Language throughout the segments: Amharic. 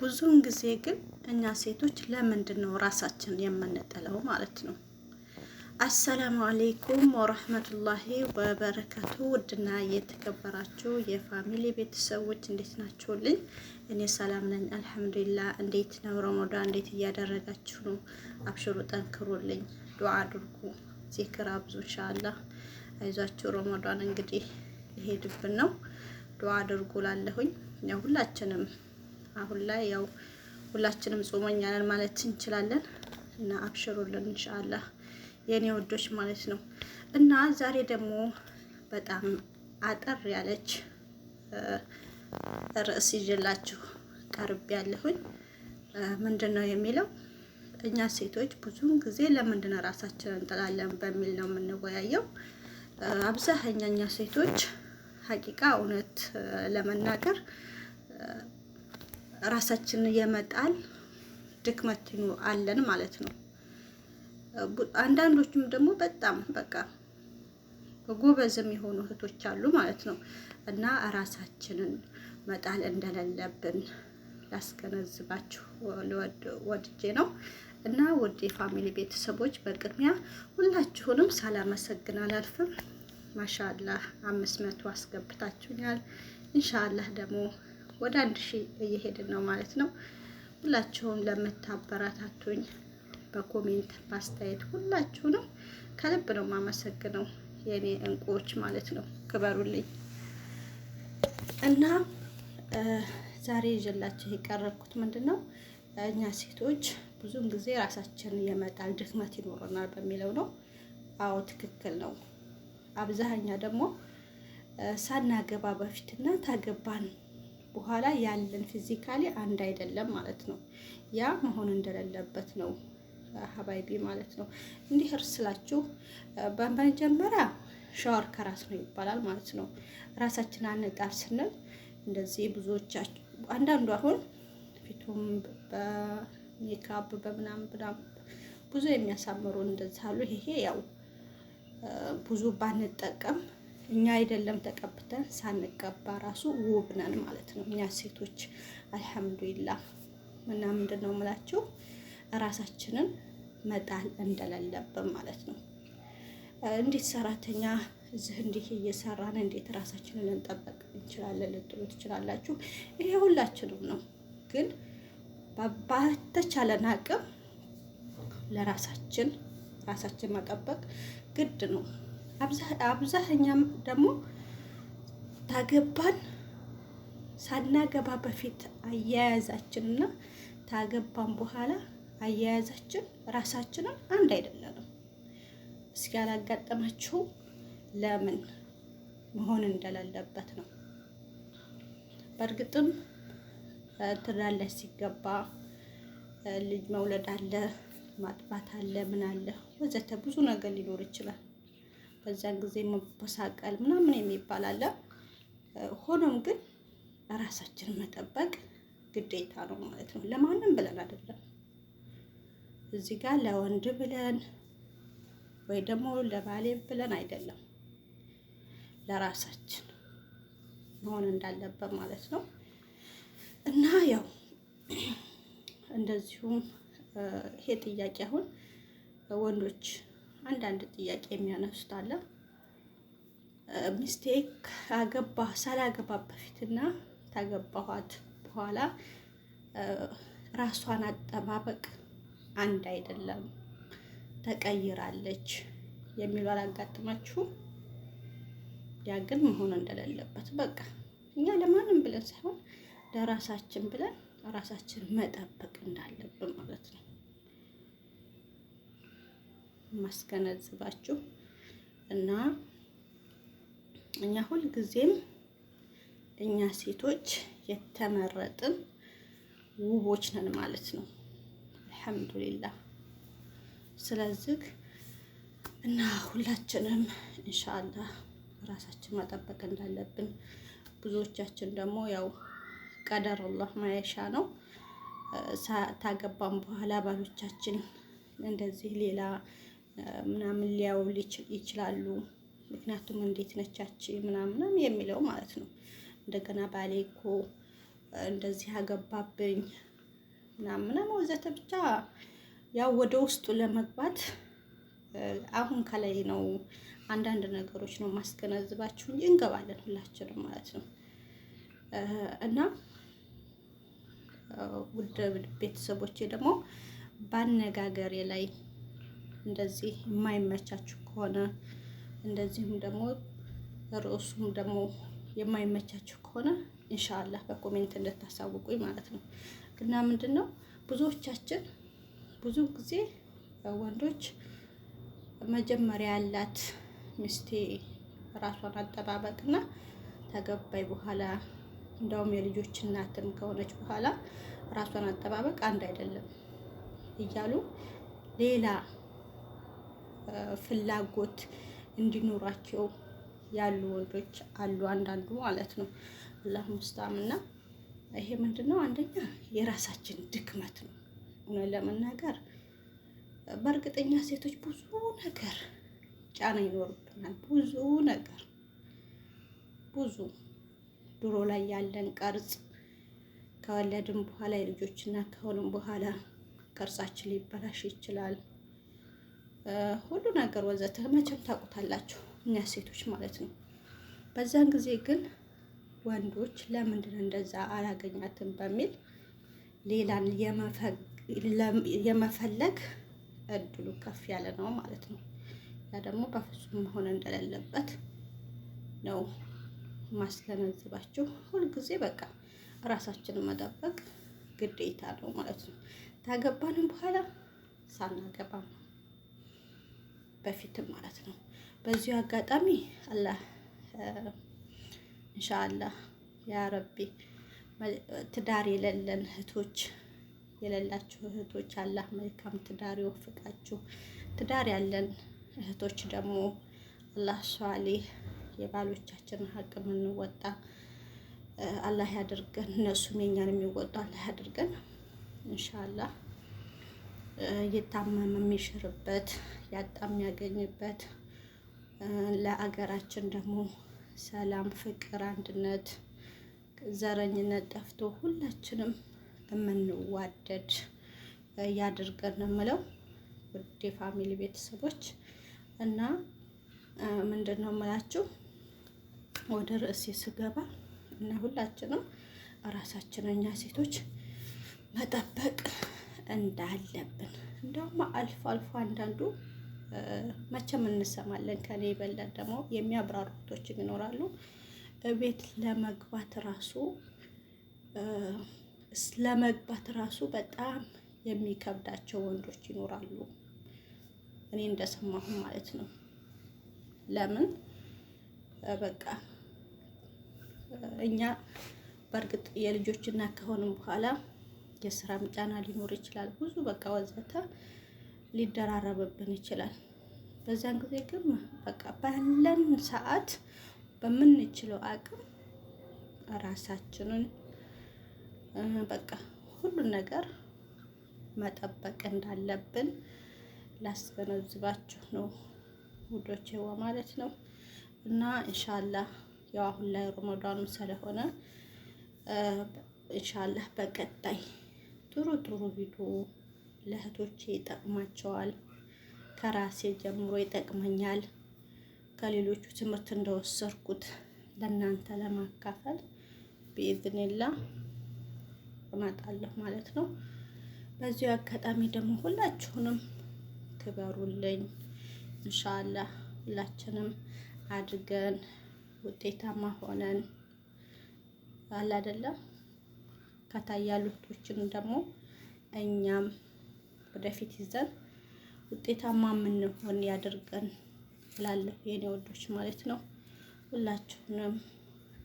ብዙውን ጊዜ ግን እኛ ሴቶች ለምንድን ነው ራሳችን የምንጥለው ማለት ነው። አሰላሙ አሌይኩም ወረህመቱላሂ ወበረከቱ። ውድና የተከበራችሁ የፋሚሊ ቤተሰቦች እንዴት ናችሁልኝ? እኔ ሰላም ነኝ አልሐምዱሊላ። እንዴት ነው ረመዳን? እንዴት እያደረጋችሁ ነው? አብሽሩ፣ ጠንክሩልኝ፣ ዱዓ አድርጉ፣ ዚክር አብዙ። እንሻላ አይዟችሁ። ረመዳን እንግዲህ ይሄድብን ነው። ዱዓ አድርጉ ላለሁኝ ሁላችንም አሁን ላይ ያው ሁላችንም ጾመኛ ነን ማለት እንችላለን። እና አብሽሩልን ኢንሻአላህ የኔ ወዶች ማለት ነው። እና ዛሬ ደግሞ በጣም አጠር ያለች ርዕስ ይዤላችሁ ቀርብ ያለሁኝ ምንድን ነው የሚለው እኛ ሴቶች ብዙውን ጊዜ ለምንድን ነው ራሳችንን እንጥላለን በሚል ነው የምንወያየው። አብዛኛኛ ሴቶች ሀቂቃ እውነት ለመናገር ራሳችን የመጣል ድክመትኑ አለን ማለት ነው። አንዳንዶቹም ደግሞ በጣም በቃ ጎበዝም የሆኑ እህቶች አሉ ማለት ነው። እና ራሳችንን መጣል እንደሌለብን ላስገነዝባችሁ ወድጄ ነው። እና ውድ የፋሚሊ ቤተሰቦች በቅድሚያ ሁላችሁንም ሳላመሰግን አላልፍም። ማሻአላህ አምስት መቶ አስገብታችሁኛል። ኢንሻአላህ ደግሞ ወደ አንድ ሺህ እየሄድን ነው ማለት ነው። ሁላችሁም ለምታበረታቱኝ በኮሜንት ማስተያየት ሁላችሁንም ከልብ ነው የማመሰግነው የኔ እንቁዎች ማለት ነው። ክበሩልኝ እና ዛሬ ይዤላችሁ የቀረብኩት ምንድን ነው እኛ ሴቶች ብዙም ጊዜ ራሳችን የመጣል ድክመት ይኖረናል በሚለው ነው። አዎ ትክክል ነው። አብዛኛ ደግሞ ሳናገባ በፊትና ታገባን በኋላ ያለን ፊዚካሊ አንድ አይደለም ማለት ነው። ያ መሆን እንደሌለበት ነው ሀባይቢ ማለት ነው። እንዲህ እርስ ስላችሁ በመጀመሪያ ሻወር ከራስ ነው ይባላል ማለት ነው። ራሳችን አነጣር ስንል እንደዚህ ብዙዎቻችሁ አንዳንዱ አሁን ፊቱም በሜካፕ በምናም ብናም ብዙ የሚያሳምሩ እንደዚህ አሉ። ይሄ ያው ብዙ ባንጠቀም እኛ አይደለም ተቀብተን ሳንቀባ ራሱ ውብ ነን ማለት ነው። እኛ ሴቶች አልሐምዱሊላ እና ምንድን ነው የምላችሁ ራሳችንን መጣል እንደሌለብን ማለት ነው። እንዴት ሰራተኛ እዚህ እንዲህ እየሰራን እንዴት ራሳችንን እንጠበቅ እንችላለን ልትሉ ትችላላችሁ። ይሄ ሁላችንም ነው። ግን ባተቻለን አቅም ለራሳችን ራሳችን መጠበቅ ግድ ነው። አብዛኛም ደግሞ ታገባን ሳናገባ በፊት አያያዛችን እና ታገባን በኋላ አያያዛችን ራሳችንን አንድ አይደለንም። እስኪ ያላጋጠማችሁ ለምን መሆን እንደሌለበት ነው። በእርግጥም ትዳር ላይ ሲገባ ልጅ መውለድ አለ፣ ማጥባት አለ፣ ምን አለ ወዘተ ብዙ ነገር ሊኖር ይችላል። በዛን ጊዜ መበሳቀል ምናምን የሚባል አለ። ሆኖም ግን ራሳችን መጠበቅ ግዴታ ነው ማለት ነው። ለማንም ብለን አይደለም። እዚህ ጋር ለወንድ ብለን ወይ ደግሞ ለባሌ ብለን አይደለም፣ ለራሳችን መሆን እንዳለበት ማለት ነው። እና ያው እንደዚሁም ይሄ ጥያቄ አሁን ወንዶች አንዳንድ ጥያቄ የሚያነሱት አለ። ሚስቴክ አገባ ሳላገባ በፊትና ታገባኋት በኋላ ራሷን አጠባበቅ አንድ አይደለም፣ ተቀይራለች የሚሉ አላጋጥማችሁም? ያ ግን መሆን እንደሌለበት በቃ እኛ ለማንም ብለን ሳይሆን ለራሳችን ብለን ራሳችን መጠበቅ እንዳለብን ማለት ነው። ማስገነዝባችሁ እና እኛ ሁልጊዜም እኛ ሴቶች የተመረጥን ውቦች ነን ማለት ነው። አልሐምዱሊላህ። ስለዚህ እና ሁላችንም ኢንሻአላህ ራሳችን መጠበቅ እንዳለብን ብዙዎቻችን ደግሞ ያው ቀደር አላህ ማያሻ ነው። ታገባም በኋላ ባሎቻችን እንደዚህ ሌላ ምናምን ሊያው ይችላሉ። ምክንያቱም እንዴት ነቻች ምናምንም የሚለው ማለት ነው። እንደገና ባሌ እኮ እንደዚህ አገባብኝ ምናምንም ወዘተ ብቻ ያው ወደ ውስጡ ለመግባት አሁን ከላይ ነው አንዳንድ ነገሮች ነው ማስገነዝባችሁ እንጂ እንገባለን ሁላችንም ማለት ነው። እና ውድ ቤተሰቦቼ ደግሞ ባነጋገሬ ላይ እንደዚህ የማይመቻችሁ ከሆነ እንደዚሁም ደግሞ ርዕሱም ደግሞ የማይመቻችሁ ከሆነ እንሻላ በኮሜንት እንድታሳውቁኝ ማለት ነው። ግና ምንድን ነው ብዙዎቻችን ብዙ ጊዜ ወንዶች መጀመሪያ ያላት ሚስቴ ራሷን አጠባበቅ እና ተገባይ በኋላ እንደውም የልጆች እናትም ከሆነች በኋላ ራሷን አጠባበቅ አንድ አይደለም እያሉ ሌላ ፍላጎት እንዲኖራቸው ያሉ ወንዶች አሉ፣ አንዳንዱ ማለት ነው። አላህ ሙስታም እና ይሄ ምንድን ነው? አንደኛ የራሳችን ድክመት ነው። እውነት ለመናገር በእርግጠኛ ሴቶች ብዙ ነገር ጫና ይኖርብናል። ብዙ ነገር ብዙ ድሮ ላይ ያለን ቅርጽ ከወለድን በኋላ የልጆችና ከሆንም በኋላ ቅርጻችን ሊበላሽ ይችላል። ሁሉ ነገር ወዘተ መቼም ታውቁታላችሁ፣ እኛ ሴቶች ማለት ነው። በዛን ጊዜ ግን ወንዶች ለምንድን እንደዛ አላገኛትም በሚል ሌላን የመፈለግ እድሉ ከፍ ያለ ነው ማለት ነው። ያ ደግሞ በፍጹም መሆን እንደሌለበት ነው ማስገነዝባችሁ። ሁልጊዜ በቃ እራሳችንን መጠበቅ ግዴታ ነው ማለት ነው። ታገባንም በኋላ ሳናገባም በፊትም ማለት ነው። በዚሁ አጋጣሚ አላህ ኢንሻአላህ ያ ረቢ ትዳር የሌለን እህቶች የሌላችሁ እህቶች አላህ መልካም ትዳር ይወፍቃችሁ። ትዳር ያለን እህቶች ደግሞ አላህ ሷሊህ የባሎቻችን ሀቅ የምንወጣ አላህ ያድርገን። እነሱም የኛን የሚወጡ አላህ ያድርገን ኢንሻአላህ። እየታመመ የሚሽርበት ያጣ የሚያገኝበት ለአገራችን ደግሞ ሰላም፣ ፍቅር፣ አንድነት፣ ዘረኝነት ጠፍቶ ሁላችንም የምንዋደድ ያድርገን ነው የምለው ውድ የፋሚሊ ቤተሰቦች እና ምንድን ነው የምላችሁ ወደ ርዕሴ ስገባ እና ሁላችንም ራሳችን እኛ ሴቶች መጠበቅ እንዳለብን እንደውም አልፎ አልፎ አንዳንዱ መቼም እንሰማለን። ከኔ የበለጠ ደግሞ የሚያብራሩ እህቶችም ይኖራሉ። ቤት ለመግባት ራሱ ለመግባት ራሱ በጣም የሚከብዳቸው ወንዶች ይኖራሉ። እኔ እንደሰማሁ ማለት ነው። ለምን በቃ እኛ በእርግጥ የልጆች ከሆነ ከሆንም በኋላ የስራም ጫና ሊኖር ይችላል። ብዙ በቃ ወዘተ ሊደራረብብን ይችላል። በዛን ጊዜ ግን በቃ ባለን ሰዓት በምንችለው አቅም ራሳችንን በቃ ሁሉን ነገር መጠበቅ እንዳለብን ላስገነዝባችሁ ነው ውዶቼ ማለት ነው። እና ኢንሻአላህ ያው አሁን ላይ ረመዳንም ስለሆነ ኢንሻአላህ በቀጣይ ጥሩ ጥሩ ቪዲዮ ለእህቶቼ ይጠቅማቸዋል። ከራሴ ጀምሮ ይጠቅመኛል። ከሌሎቹ ትምህርት እንደወሰድኩት ለእናንተ ለማካፈል ቢኢዝኒላ እመጣለሁ ማለት ነው። በዚሁ አጋጣሚ ደግሞ ሁላችሁንም ክበሩልኝ። እንሻላ ሁላችንም አድገን ውጤታማ ሆነን አላደለም ከታይ ያሉቶችን ደግሞ እኛም ወደፊት ይዘን ውጤታማ የምንሆን ያደርገን እላለሁ የኔ ወዶች ማለት ነው። ሁላችሁንም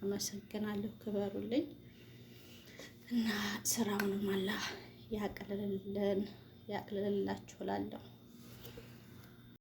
አመሰግናለሁ። ክበሩልኝ እና ስራውንም አላህ ያቅልልን ያቅልልላችሁ እላለሁ።